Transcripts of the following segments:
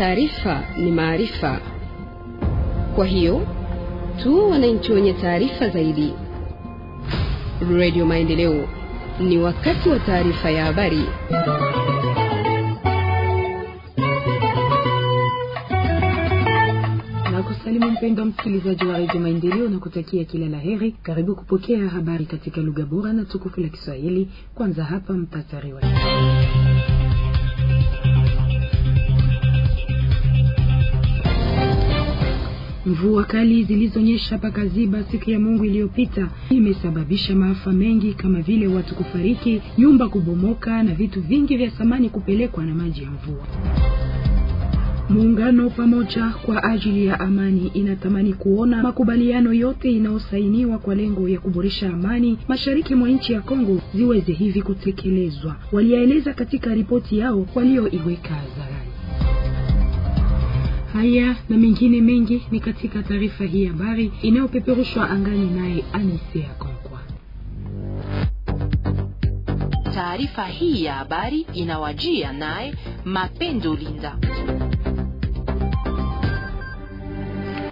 taarifa ni maarifa. Kwa hiyo tu wananchi wenye taarifa zaidi. Radio Maendeleo, ni wakati wa taarifa ya habari. Nakusalimu mpendwa msikilizaji wa Radio Maendeleo na kutakia kila la heri. Karibu kupokea habari katika lugha bora na tukufu la Kiswahili. Kwanza hapa mtasari wake Mvua kali zilizonyesha pakaziba siku ya Mungu iliyopita imesababisha maafa mengi kama vile watu kufariki, nyumba kubomoka na vitu vingi vya samani kupelekwa na maji ya mvua. Muungano pamoja kwa ajili ya amani inatamani kuona makubaliano yote inayosainiwa kwa lengo ya kuboresha amani mashariki mwa nchi ya Kongo ziweze hivi kutekelezwa, waliyaeleza katika ripoti yao walioiweka hadharani. Haya na mengine mengi ni katika taarifa hii habari inayopeperushwa angani naye Anisea Konkwa. Taarifa hii ya habari inawajia naye Mapendo Linda.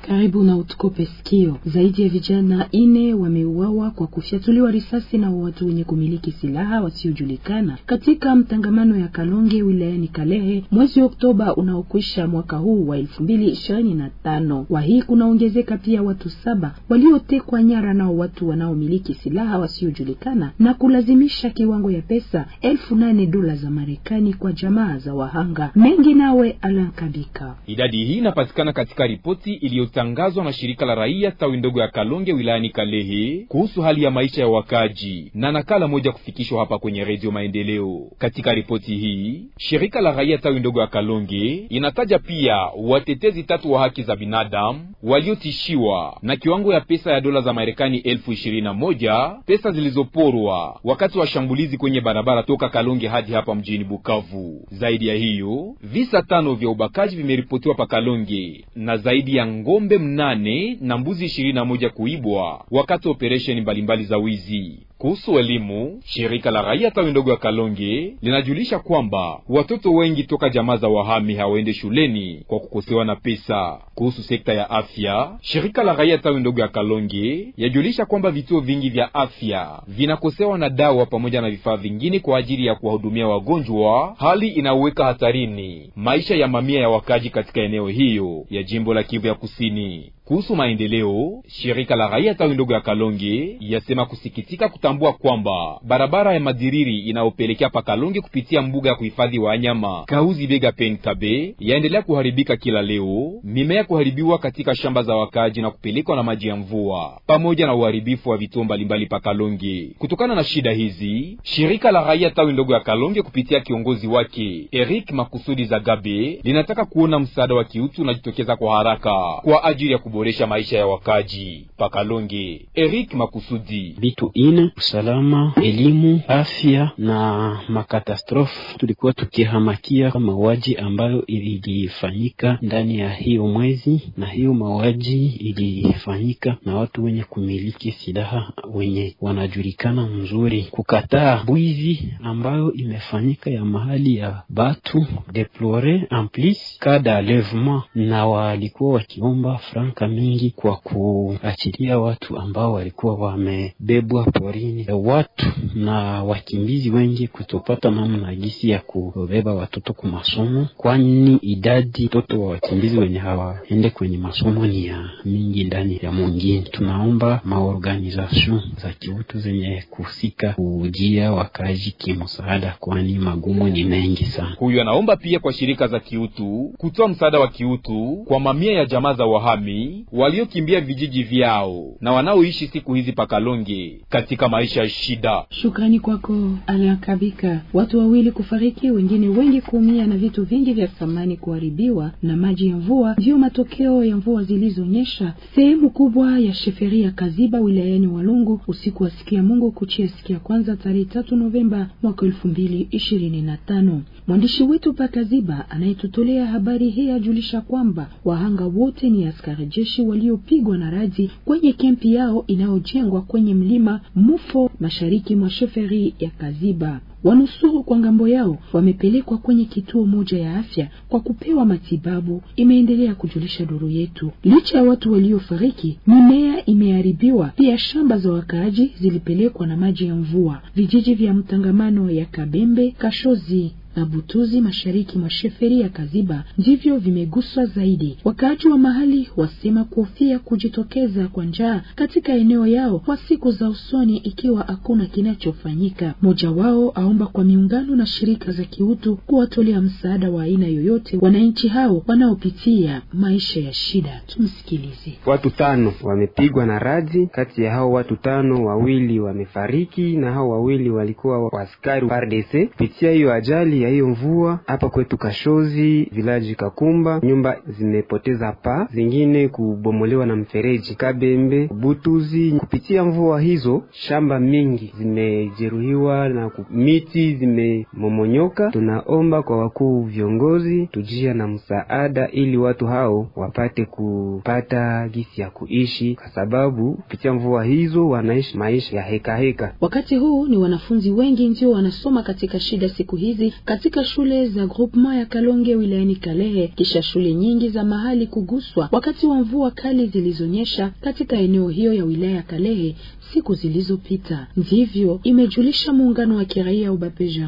karibu na Utkope Skio, zaidi ya vijana ine wameuawa kwa kufyatuliwa risasi na watu wenye kumiliki silaha wasiojulikana katika mtangamano ya Kalonge wilayani Kalehe mwezi Oktoba unaokwisha mwaka huu wa elfu mbili ishirini na tano. Kwa hii kunaongezeka pia watu saba waliotekwa nyara nao watu wanaomiliki silaha wasiojulikana na kulazimisha kiwango ya pesa elfu nane dola za Marekani kwa jamaa za wahanga mengi. Nawe Alan Kabika, idadi hii inapatikana katika ripoti iliyo ilitangazwa na shirika la raia tawi ndogo ya Kalonge wilayani Kalehe kuhusu hali ya maisha ya wakaji na nakala moja kufikishwa hapa kwenye redio Maendeleo. Katika ripoti hii, shirika la raia tawi ndogo ya Kalonge inataja pia watetezi tatu wa haki za binadamu waliotishiwa na kiwango ya pesa ya dola za Marekani elfu ishirini na moja pesa zilizoporwa wakati wa shambulizi kwenye barabara toka Kalonge hadi hapa mjini Bukavu. Zaidi ya hiyo, visa tano vya ubakaji vimeripotiwa pa Kalonge na zaidi ya ngombe ng'ombe mnane na mbuzi ishirini na moja kuibwa wakati operesheni mbalimbali za wizi. Kuhusu elimu, shirika la raia tawi ndogo ya Kalonge linajulisha kwamba watoto wengi toka jamaa za wahami hawaende shuleni kwa kukosewa na pesa. Kuhusu sekta ya afya, shirika la raia tawi ndogo ya Kalonge yajulisha kwamba vituo vingi vya afya vinakosewa na dawa pamoja na vifaa vingine kwa ajili ya kuwahudumia wagonjwa, hali inaweka hatarini maisha ya mamia ya wakaji katika eneo hiyo ya jimbo la Kivu ya Kusini. Kuhusu maendeleo, shirika la raia tawi ndogo ya Kalonge yasema kusikitika kutambua kwamba barabara ya Madiriri inayopelekea pa Kalonge kupitia mbuga ya kuhifadhi wanyama Kauzi Bega Penkabe yaendelea kuharibika kila leo, mimea kuharibiwa katika shamba za wakaji na kupelekwa na maji ya mvua, pamoja na uharibifu wa vituo mbalimbali pa Kalonge. Kutokana na shida hizi, shirika la raia tawi ndogo ya Kalonge kupitia kiongozi wake Eric Makusudi Zagabe linataka kuona msaada wa kiutu unajitokeza kwa haraka kwa ajili ya kubo kuboresha maisha ya wakaji. Pakalonge, Eric Makusudi. Vitu ine: usalama, elimu, afya na makatastrofe. Tulikuwa tukihamakia mauaji ambayo ilifanyika ndani ya hiyo mwezi, na hiyo mauaji ilifanyika na watu wenye kumiliki silaha wenye wanajulikana mzuri, kukataa bwizi ambayo imefanyika ya mahali ya batu deplore en plus kada levement, na walikuwa wakiomba franka mingi kwa kuachilia watu ambao walikuwa wamebebwa porini, e, watu na wakimbizi wengi kutopata namna gisi ya kubeba watoto kwa masomo, kwani idadi toto wa wakimbizi wenye hawaende kwenye masomo ni ya mingi ndani ya mwingine. Tunaomba maorganization za kiutu zenye kusika kujia wakaji kimsaada, kwani magumu ni mengi sana. Huyu anaomba pia kwa shirika za kiutu kutoa msaada wa kiutu kwa mamia ya jamaa za wahami waliokimbia vijiji vyao na wanaoishi siku hizi pakalonge katika maisha ya shida. Shukrani kwako Anakabika. Watu wawili kufariki, wengine wengi kuumia na vitu vingi vya thamani kuharibiwa na maji ya mvua, ndiyo matokeo ya mvua zilizonyesha sehemu kubwa ya sheferi ya Kaziba wilayani Walungu usiku wa sikia Mungu kuchia sikia kwanza tarehe tatu Novemba mwaka elfu mbili ishirini na tano. Mwandishi wetu pakaziba anayetutolea habari hii ajulisha kwamba wahanga wote ni askari jeshi wanajeshi waliopigwa na radi kwenye kempi yao inayojengwa kwenye mlima Mufo mashariki mwa sheferi ya Kaziba. Wanusuru kwa ngambo yao wamepelekwa kwenye kituo moja ya afya kwa kupewa matibabu, imeendelea kujulisha duru yetu. Licha ya watu waliofariki, mimea imeharibiwa, pia shamba za wakaaji zilipelekwa na maji ya mvua. Vijiji vya mtangamano ya Kabembe, Kashozi na Butuzi mashariki mwa sheferi ya Kaziba ndivyo vimeguswa zaidi. Wakaaji wa mahali wasema kuhofia kujitokeza kwa njaa katika eneo yao kwa siku za usoni ikiwa hakuna kinachofanyika. Mmoja wao aomba kwa miungano na shirika za kiutu kuwatolea msaada wa aina yoyote wananchi hao wanaopitia maisha ya shida. Tumsikilize. Watu tano wamepigwa na radi. Kati ya hao watu tano, wawili wamefariki na hao wawili walikuwa waskari RDC. Kupitia hiyo ajali ya hiyo mvua hapa kwetu Kashozi, vilaji Kakumba, nyumba zimepoteza paa, zingine kubomolewa na mfereji Kabembe, Butuzi. Kupitia mvua hizo, shamba mingi zimejeruhiwa na miti zimemomonyoka. Tunaomba kwa wakuu viongozi tujia na msaada, ili watu hao wapate kupata gisi ya kuishi, kwa sababu kupitia mvua hizo wanaishi maisha ya hekaheka heka. Wakati huu ni wanafunzi wengi ndio wanasoma katika shida siku hizi katika shule za groupement ya Kalonge wilayani Kalehe, kisha shule nyingi za mahali kuguswa wakati wa mvua kali zilizonyesha katika eneo hiyo ya wilaya ya Kalehe siku zilizopita. Ndivyo imejulisha muungano wa kiraia Ubape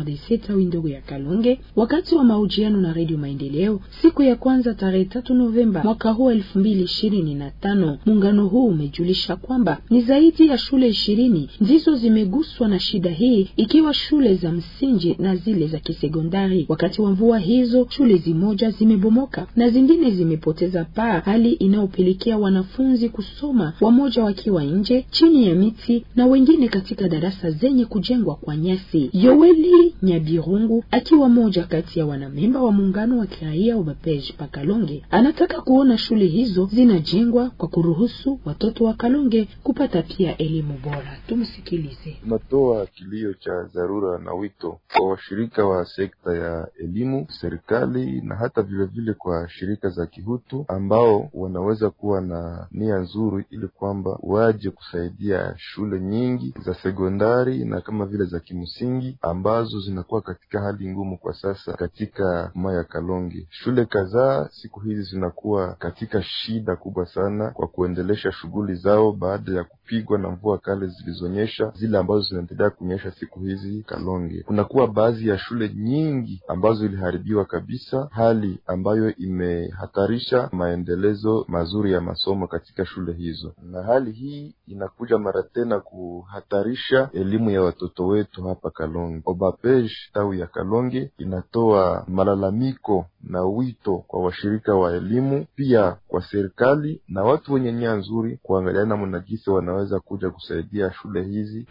tawi ndogo ya Kalonge wakati wa mahojiano na Redio Maendeleo siku ya kwanza tarehe tatu Novemba mwaka huu elfu mbili ishirini na tano. Muungano huu umejulisha kwamba ni zaidi ya shule ishirini ndizo zimeguswa na shida hii, ikiwa shule za msingi na zile za kisekondari. Wakati wa mvua hizo, shule zimoja zimebomoka na zingine zimepoteza paa, hali inayopelekea wanafunzi kusoma wamoja wakiwa nje chini ya miti na wengine katika darasa zenye kujengwa kwa nyasi. Yoweli Nyabirungu akiwa moja kati ya wanamemba wa muungano wa kiraia Ubapej pa Kalonge anataka kuona shule hizo zinajengwa kwa kuruhusu watoto wa Kalonge kupata pia elimu bora. Tumsikilize. Tunatoa kilio cha dharura na wito kwa washirika wa sekta ya elimu, serikali na hata vilevile vile kwa shirika za kihutu ambao wanaweza kuwa na nia nzuri ili kwamba waje kusaidia shule nyingi za sekondari na kama vile za kimsingi ambazo zinakuwa katika hali ngumu kwa sasa katika maya ya Kalonge. Shule kadhaa siku hizi zinakuwa katika shida kubwa sana kwa kuendelesha shughuli zao baada ya kupigwa na mvua kali zilizonyesha, zile ambazo zinaendelea kunyesha siku hizi Kalonge. Kunakuwa baadhi ya shule nyingi ambazo iliharibiwa kabisa, hali ambayo imehatarisha maendelezo mazuri ya masomo katika shule hizo, na hali hii inakuja mara tena kuhatarisha elimu ya watoto wetu hapa Kalonge. Obapej tawi ya Kalonge inatoa malalamiko na wito kwa washirika wa elimu, pia kwa serikali na watu wenye nia nzuri kuangalia namna jinsi wanaweza kuja kusaidia shule hizi.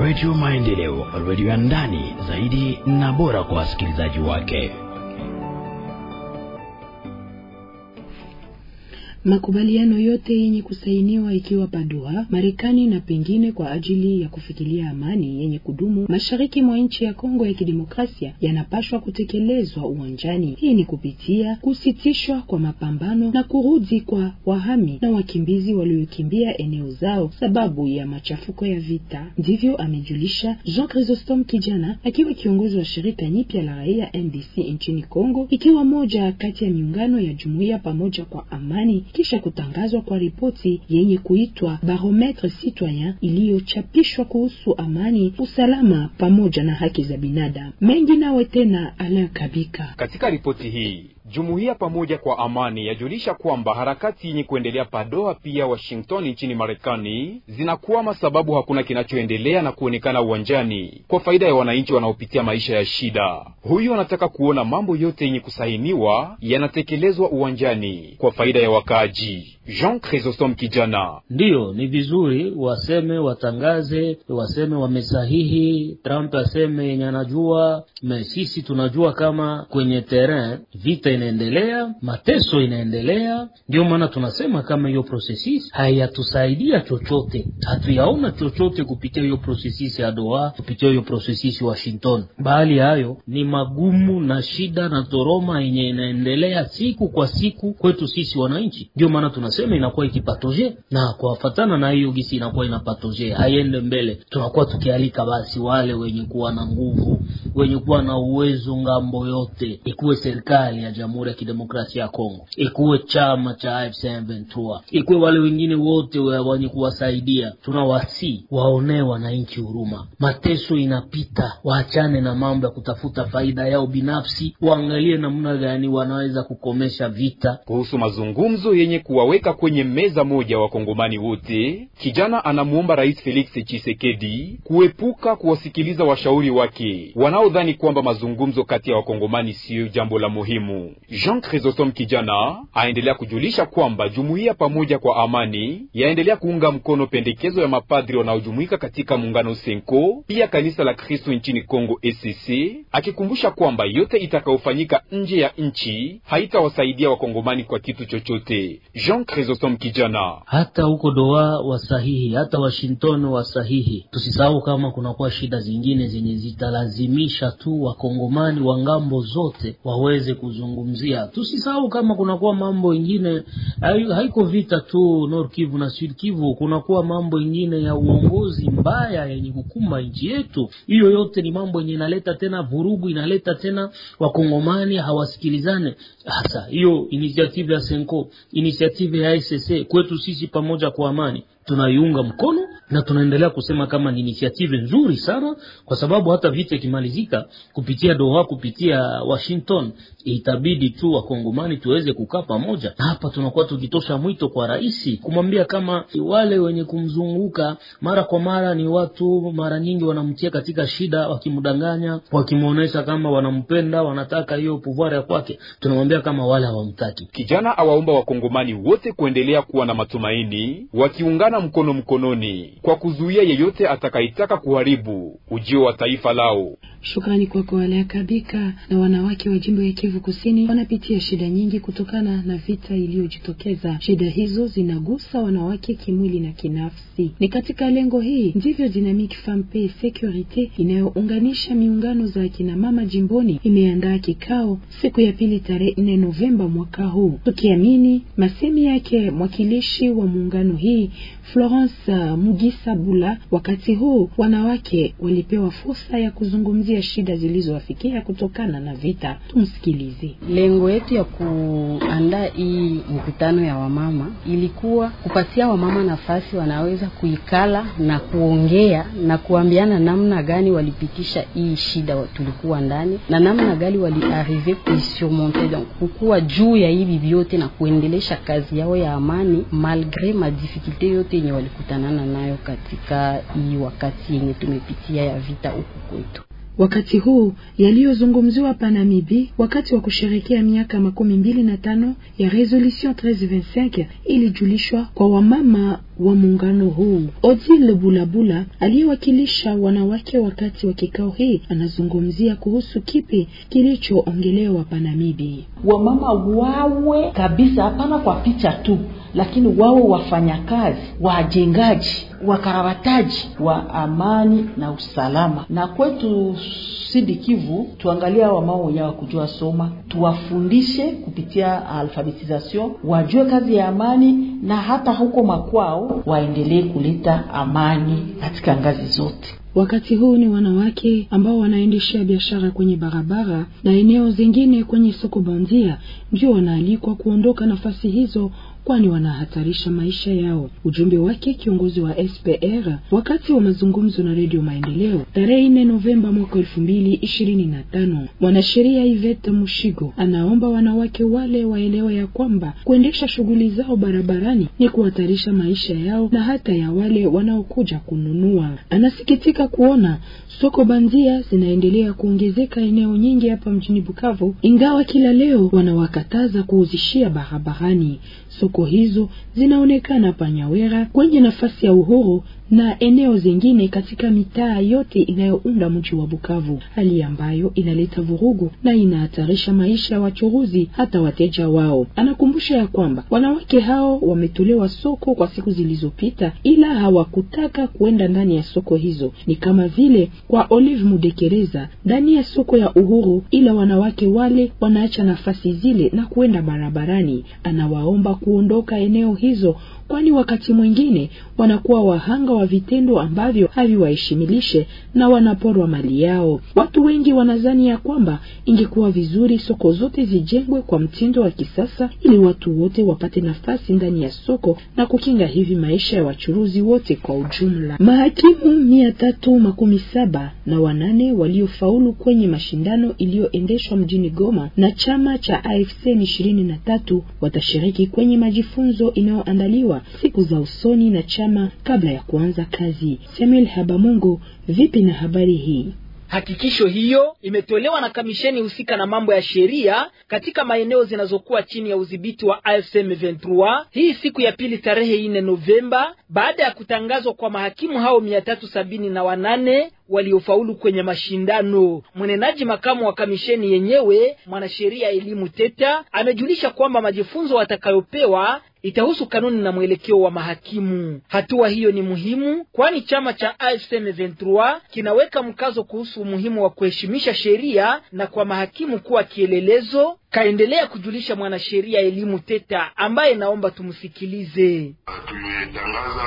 Radio Maendeleo, radio ya ndani zaidi na bora kwa wasikilizaji wake. Makubaliano yote yenye kusainiwa ikiwa Padua, Marekani na pengine kwa ajili ya kufikilia amani yenye kudumu mashariki mwa nchi ya Kongo ya Kidemokrasia yanapashwa kutekelezwa uwanjani. Hii ni kupitia kusitishwa kwa mapambano na kurudi kwa wahami na wakimbizi waliokimbia eneo zao sababu ya machafuko ya vita. Ndivyo amejulisha Jean Chrysostome Kijana akiwa kiongozi wa shirika nyipya la raia NDC nchini Kongo, ikiwa moja kati ya miungano ya jumuiya pamoja kwa amani kisha kutangazwa kwa ripoti yenye kuitwa Barometre Citoyen iliyochapishwa kuhusu amani, usalama pamoja na haki za binadamu. Mengi nawe tena Alain Kabika katika ripoti hii Jumuiya pamoja kwa amani yajulisha kwamba harakati yenye kuendelea padoa pia Washington nchini Marekani zinakwama sababu hakuna kinachoendelea na kuonekana uwanjani kwa faida ya wananchi wanaopitia maisha ya shida. Huyu anataka kuona mambo yote yenye kusainiwa yanatekelezwa uwanjani kwa faida ya wakaaji. Jean Chrysostome Kijana: ndiyo, ni vizuri waseme, watangaze, waseme wamesahihi. Trump aseme yenye anajua, me sisi tunajua kama kwenye terrain vita inaendelea, mateso inaendelea. Ndiyo maana tunasema kama hiyo processus hayatusaidia chochote, hatuyaona chochote kupitia hiyo processus ya Doha, kupitia hiyo processus Washington, bahali hayo ni magumu na shida na toroma yenye inaendelea siku kwa siku kwetu sisi wananchi. Ndiyo maana tunasema tuseme inakuwa ikipatoje, na kuwafatana na hiyo gisi inakuwa inapatoje, haiende mbele, tunakuwa tukialika basi wale wenye kuwa na nguvu, wenye kuwa na uwezo ngambo yote, ikuwe serikali ya Jamhuri ya Kidemokrasia ya Kongo, ikuwe chama cha AFC 23 ikuwe wale wengine wote wenye kuwasaidia, tunawasi waonee wananchi huruma, mateso inapita, waachane na mambo ya kutafuta faida yao binafsi, waangalie namna gani wanaweza kukomesha vita. Kuhusu mazungumzo yenye kuwaweka Wakifika kwenye meza moja wakongomani wote, kijana anamwomba Rais Felix Tshisekedi kuepuka kuwasikiliza washauri wake wanaodhani kwamba mazungumzo kati ya wakongomani siyo jambo la muhimu. Jean Chrysostome kijana aendelea kujulisha kwamba jumuiya pamoja kwa amani yaendelea kuunga mkono pendekezo ya mapadri wanaojumuika katika muungano Senko, pia kanisa la Kristo nchini Kongo ECC, akikumbusha kwamba yote itakayofanyika nje ya nchi haitawasaidia wakongomani kwa kitu chochote. Jean Chrysostom Kijana. Hata huko doa wasahihi, hata Washington wasahihi. Tusisahau kama kunakuwa shida zingine zenye zitalazimisha tu wakongomani wa ngambo zote waweze kuzungumzia. Tusisahau kama kunakuwa mambo ingine, haiko vita tu Nord Kivu na Sud Kivu, kunakuwa mambo ingine ya uongozi mbaya yenye kukumba nchi yetu. Hiyo yote ni mambo yenye inaleta tena vurugu, inaleta tena wakongomani hawasikilizane. Hasa hiyo inisiative ya Senko inisiative ya ICC kwetu sisi pamoja kwa amani tunaiunga mkono na tunaendelea kusema kama ni initiative nzuri sana, kwa sababu hata vita ikimalizika kupitia Doha, kupitia Washington, itabidi tu wakongomani tuweze kukaa pamoja. Na hapa tunakuwa tukitosha mwito kwa rais kumwambia kama wale wenye kumzunguka mara kwa mara ni watu mara nyingi wanamtia katika shida, wakimdanganya, wakimwonyesha kama wanampenda, wanataka hiyo pouvoir ya kwake. Tunamwambia kama wale hawamtaki. Kijana awaomba wakongomani wote kuendelea kuwa na matumaini, wakiungana mkono mkononi kwa kuzuia yeyote atakayetaka kuharibu ujio wa taifa lao. Shukrani kwako kwa Kabika. Na wanawake wa jimbo ya Kivu Kusini wanapitia shida nyingi kutokana na vita iliyojitokeza. Shida hizo zinagusa wanawake kimwili na kinafsi. Ni katika lengo hii ndivyo Dynamic inayounganisha miungano za akinamama jimboni imeandaa kikao siku ya pili tarehe 4 Novemba mwaka huu, tukiamini masemi yake mwakilishi wa muungano hii Florence Mugi Lisa Bula. Wakati huu wanawake walipewa fursa ya kuzungumzia shida zilizowafikia kutokana na vita. Tumsikilize. Lengo yetu ya kuandaa hii mkutano ya wamama ilikuwa kupatia wamama nafasi wanaweza kuikala na kuongea na kuambiana namna gani walipitisha hii shida tulikuwa ndani na namna gani waliarive kuisurmonte, donc kukuwa juu ya hivi vyote na kuendelesha kazi yao ya amani malgre madifikulte yote yenye walikutanana nayo katika hii wakati yenye tumepitia ya vita huku kwetu. Wakati huu yaliyozungumziwa hapa Namibi wakati wa kusherekea miaka makumi mbili na tano ya resolution 1325 ilijulishwa kwa wamama wa muungano huu. Odile Bulabula aliyewakilisha wanawake wakati wa kikao hii anazungumzia kuhusu kipi kilichoongelewa hapa Namibi. Wamama wawe kabisa, hapana kwa picha tu, lakini wawe wafanyakazi wajengaji wakarabataji wa amani na usalama. Na kwetu Sidi Kivu, tuangalie hawa mama wenyewe kujua soma, tuwafundishe kupitia alfabetization, wajue kazi ya amani, na hata huko makwao waendelee kuleta amani katika ngazi zote. Wakati huu ni wanawake ambao wanaendeshea biashara kwenye barabara na eneo zingine kwenye soko bandia, ndio wanaalikwa kuondoka nafasi hizo kwani wanahatarisha maisha yao. Ujumbe wake kiongozi wa SPR wakati wa mazungumzo na Redio Maendeleo tarehe 4 Novemba mwaka 2025. Mwanasheria Iveta Mushigo anaomba wanawake wale waelewe ya kwamba kuendesha shughuli zao barabarani ni kuhatarisha maisha yao na hata ya wale wanaokuja kununua. Anasikitika kuona soko bandia zinaendelea kuongezeka eneo nyingi hapa mjini Bukavu, ingawa kila leo wanawakataza kuuzishia barabarani. Soko hizo zinaonekana Panyawera kwenye nafasi ya Uhuru na eneo zingine katika mitaa yote inayounda mji wa Bukavu, hali ambayo inaleta vurugu na inahatarisha maisha ya wachuruzi hata wateja wao. Anakumbusha ya kwamba wanawake hao wametolewa soko kwa siku zilizopita, ila hawakutaka kuenda ndani ya soko hizo. Ni kama vile kwa Olive Mudekereza ndani ya soko ya Uhuru, ila wanawake wale wanaacha nafasi zile na kuenda barabarani. Anawaomba kuondoka eneo hizo kwani wakati mwingine wanakuwa wahanga wa vitendo ambavyo haviwaheshimilishe na wanaporwa mali yao. Watu wengi wanadhani ya kwamba ingekuwa vizuri soko zote zijengwe kwa mtindo wa kisasa ili watu wote wapate nafasi ndani ya soko na kukinga hivi maisha ya wachuruzi wote kwa ujumla. Mahakimu mia tatu makumi saba na wanane waliofaulu kwenye mashindano iliyoendeshwa mjini Goma na chama cha AFC ishirini na tatu watashiriki kwenye majifunzo inayoandaliwa siku za usoni na chama kabla ya kuanza kazi. Samuel Habamungu, vipi na habari hii? Hakikisho hiyo imetolewa na kamisheni husika na mambo ya sheria katika maeneo zinazokuwa chini ya udhibiti wa AFSM 23 hii siku ya pili tarehe 4 Novemba, baada ya kutangazwa kwa mahakimu hao 378 na wanane waliofaulu kwenye mashindano. Mwenenaji makamu wa kamisheni yenyewe mwanasheria elimu Teta amejulisha kwamba majifunzo watakayopewa itahusu kanuni na mwelekeo wa mahakimu. Hatua hiyo ni muhimu, kwani chama cha afm 23 kinaweka mkazo kuhusu umuhimu wa kuheshimisha sheria na kwa mahakimu kuwa kielelezo. Kaendelea kujulisha mwanasheria elimu Teta, ambaye naomba tumsikilize. Tumetangaza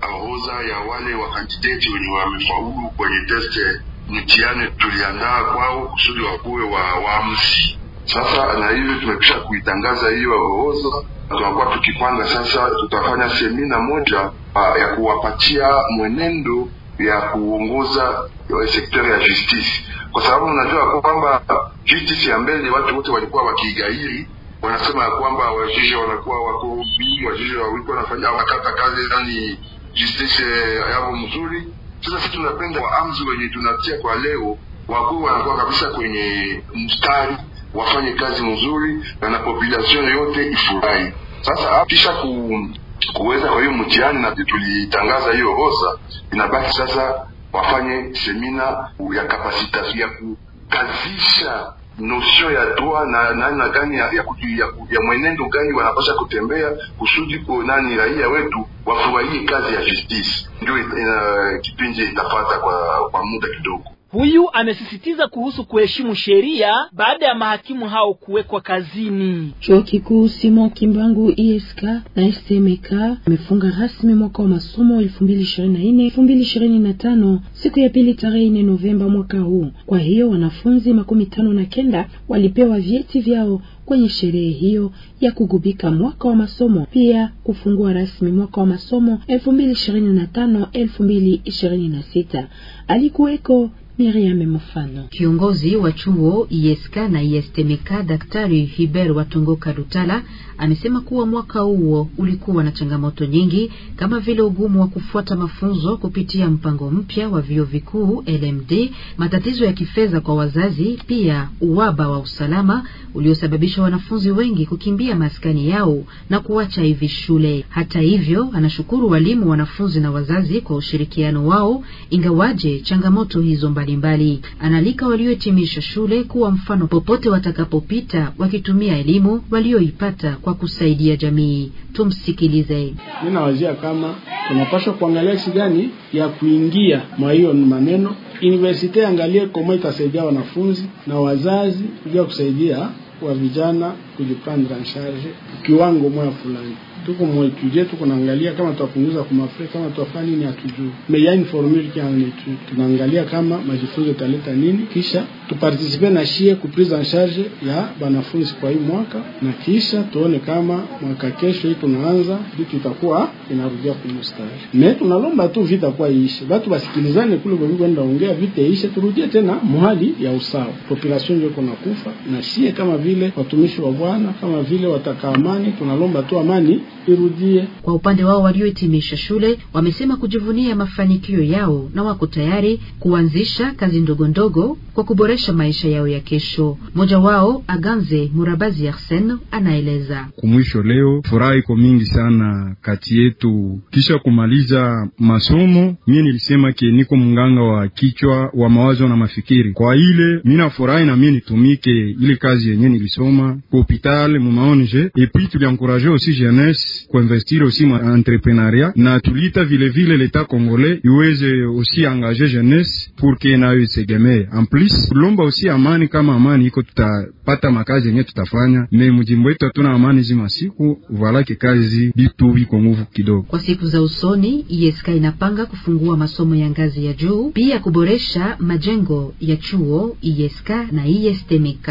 ahoza ya wale wakandideti wenye wamefaulu kwenye kwenye test mtihani tuliandaa kwao kusudi wakuwe wa waamuzi. Sasa na hivi tumekisha kuitangaza hiyo orodha, tunakuwa tukipanga sasa, tutafanya semina moja a, ah, ya kuwapatia mwenendo ya kuongoza sekta ya justice, kwa sababu unajua kwamba justice ya mbele watu wote walikuwa wakigairi wanasema ya kwamba wajiji wanakuwa wako wajiji wawiko wanafanya wakata kazi yani justice eh, yao mzuri sasa sisi tunapenda waamzi wenye tunatia kwa leo wakuwa wanakuwa kabisa kwenye mstari, wafanye kazi mzuri na na population yote ifurahi. Sasa kisha ku, kuweza kwa hiyo mtihani na tulitangaza hiyo hosa, inabaki sasa wafanye semina ya kapasitasi ya kukazisha notion ya droit na namna gani ya, ya, ya, ya mwenendo gani wanapasha kutembea kusudi ko nani raia wetu wafurahie kazi ya justice, ndio uh, kipindi itafata kwa, kwa muda kidogo. Huyu amesisitiza kuhusu kuheshimu sheria baada ya mahakimu hao kuwekwa kazini. Chuo kikuu Simon Kimbangu ISK na smk amefunga rasmi mwaka wa masomo 2024 2025 siku ya pili tarehe 4 Novemba mwaka huu. Kwa hiyo wanafunzi makumi tano na kenda walipewa vyeti vyao kwenye sherehe hiyo ya kugubika mwaka wa masomo, pia kufungua rasmi mwaka wa masomo 2025 2026. Alikuweko Miriam Mufano, Kiongozi wa chuo ISK na ISTMK Daktari Hiber Watongoka Lutala amesema kuwa mwaka huo ulikuwa na changamoto nyingi kama vile ugumu wa kufuata mafunzo kupitia mpango mpya wa vyuo vikuu LMD, matatizo ya kifedha kwa wazazi, pia uwaba wa usalama uliosababisha wanafunzi wengi kukimbia maskani yao na kuacha hivi shule. Hata hivyo, anashukuru walimu, wanafunzi na wazazi kwa ushirikiano wao, ingawaje changamoto hizo mbali mbalimbali. Analika waliohitimisha shule kuwa mfano popote watakapopita, wakitumia elimu walioipata kwa kusaidia jamii. Tumsikilize. Mi nawazia kama tunapaswa kuangalia jinsi gani ya kuingia mwa hiyo maneno universite, angalie koma itasaidia wanafunzi na wazazi, ili kusaidia wa vijana kujipandra en charge kiwango moya fulani tuko mwetudie tuko naangalia kama tutapunguza kwa mafre kama tutafanya nini hatujui ya informer kia netu tunaangalia kama majifunzo italeta nini, kisha tupartisipe na shie ku prise en charge ya banafunzi kwa hii mwaka, na kisha tuone kama mwaka kesho hii tunaanza vitu itakuwa inarudia kumustari. Me tunalomba tu vita kwa iishe, watu basikilizane kule kwa kwenda ongea vita ishe, turudie tena mwali ya usawa. Population ndio kuna kufa na shie kama vile watumishi wa Bwana kama vile wataka amani, tunalomba tu amani irudie. Kwa upande wao, waliohitimisha shule wamesema kujivunia mafanikio yao na wako tayari kuanzisha kazi ndogo ndogo kwa kuboresha maisha yao ya kesho. Mmoja wao Aganze Murabazi Arsen anaeleza kumwisho, leo furaha iko mingi sana kati yetu kisha kumaliza masomo. Mimi nilisema ke niko mganga wa kichwa wa mawazo na mafikiri, kwa ile mina furahi na mimi nitumike ile kazi yenyewe nilisoma kopi hôpital mu maonje epuis tuliankuraje aussi jeunesse kuinvestir aussi ma entrepreneuria na tuliita vilevile letat congolais iweze aussi engager jeunesse pour ke nayo isegemee plus tulomba aussi amani. Kama amani iko, tutapata makazi yenye tutafanya me mujimbo yetu hatuna amani zima siku valake kazi bitu biko nguvu kidogo. Kwa siku za usoni ISK inapanga kufungua masomo ya ngazi ya juu pia kuboresha majengo ya chuo ISK na ISTMK.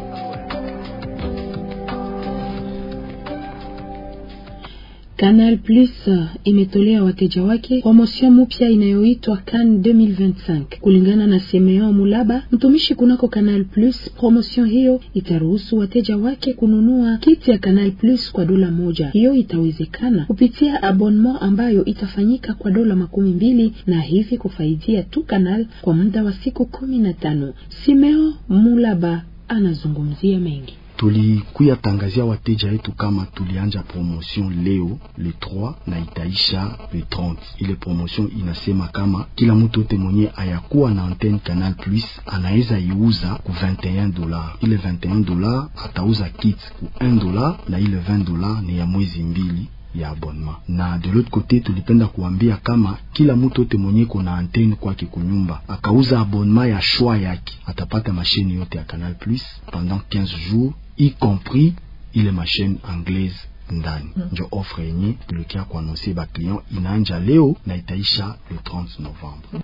Canal Plus uh, imetolea wateja wake promotion mpya inayoitwa Can 2025 kulingana na simeon Mulaba, mtumishi kunako Canal Plus. Promotion hiyo itaruhusu wateja wake kununua kiti ya Canal Plus kwa dola moja. Hiyo itawezekana kupitia abonnement ambayo itafanyika kwa dola makumi mbili na hivi kufaidia tu Canal kwa muda wa siku kumi na tano. simeon Mulaba anazungumzia mengi tulikuya tangazia wateja yetu kama tulianja promotion leo le 3 na itaisha le 30. Ile promotion inasema kama kila mtu yote mwenye ayakuwa na antenne Canal Plus anaweza iuza ku 21 dola. Ile 21 dola atauza kit ku 1 dola na ile 20 dola ni ya mwezi mbili ya abonnement. Na de l'autre côté tulipenda kuambia kama kila mtu yote mwenye kuna antenne kwake kunyumba akauza abonnement ya shwa yake atapata mashine yote ya Canal Plus pendant 15 jours y compris ile mashine anglaise ndani mm. Njo ofre yenye tulikia kuanonsie ba client leo na itaisha le 30 Novembre mm.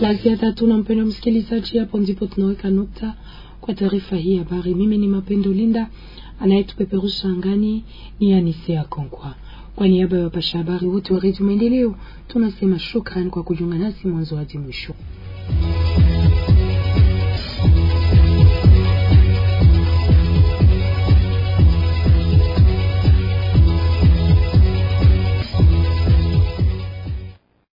la ziada tuna mpendo msikilizaji, hapo ndipo tunaweka nukta kwa taarifa hii habari. Mimi ni Mapendo Linda, anayetupeperusha angani ni anisea Konkwa. Kwa niaba ya wapasha habari wote wa redio Maendeleo tunasema shukran kwa kujiunga nasi mwanzo hadi mwisho.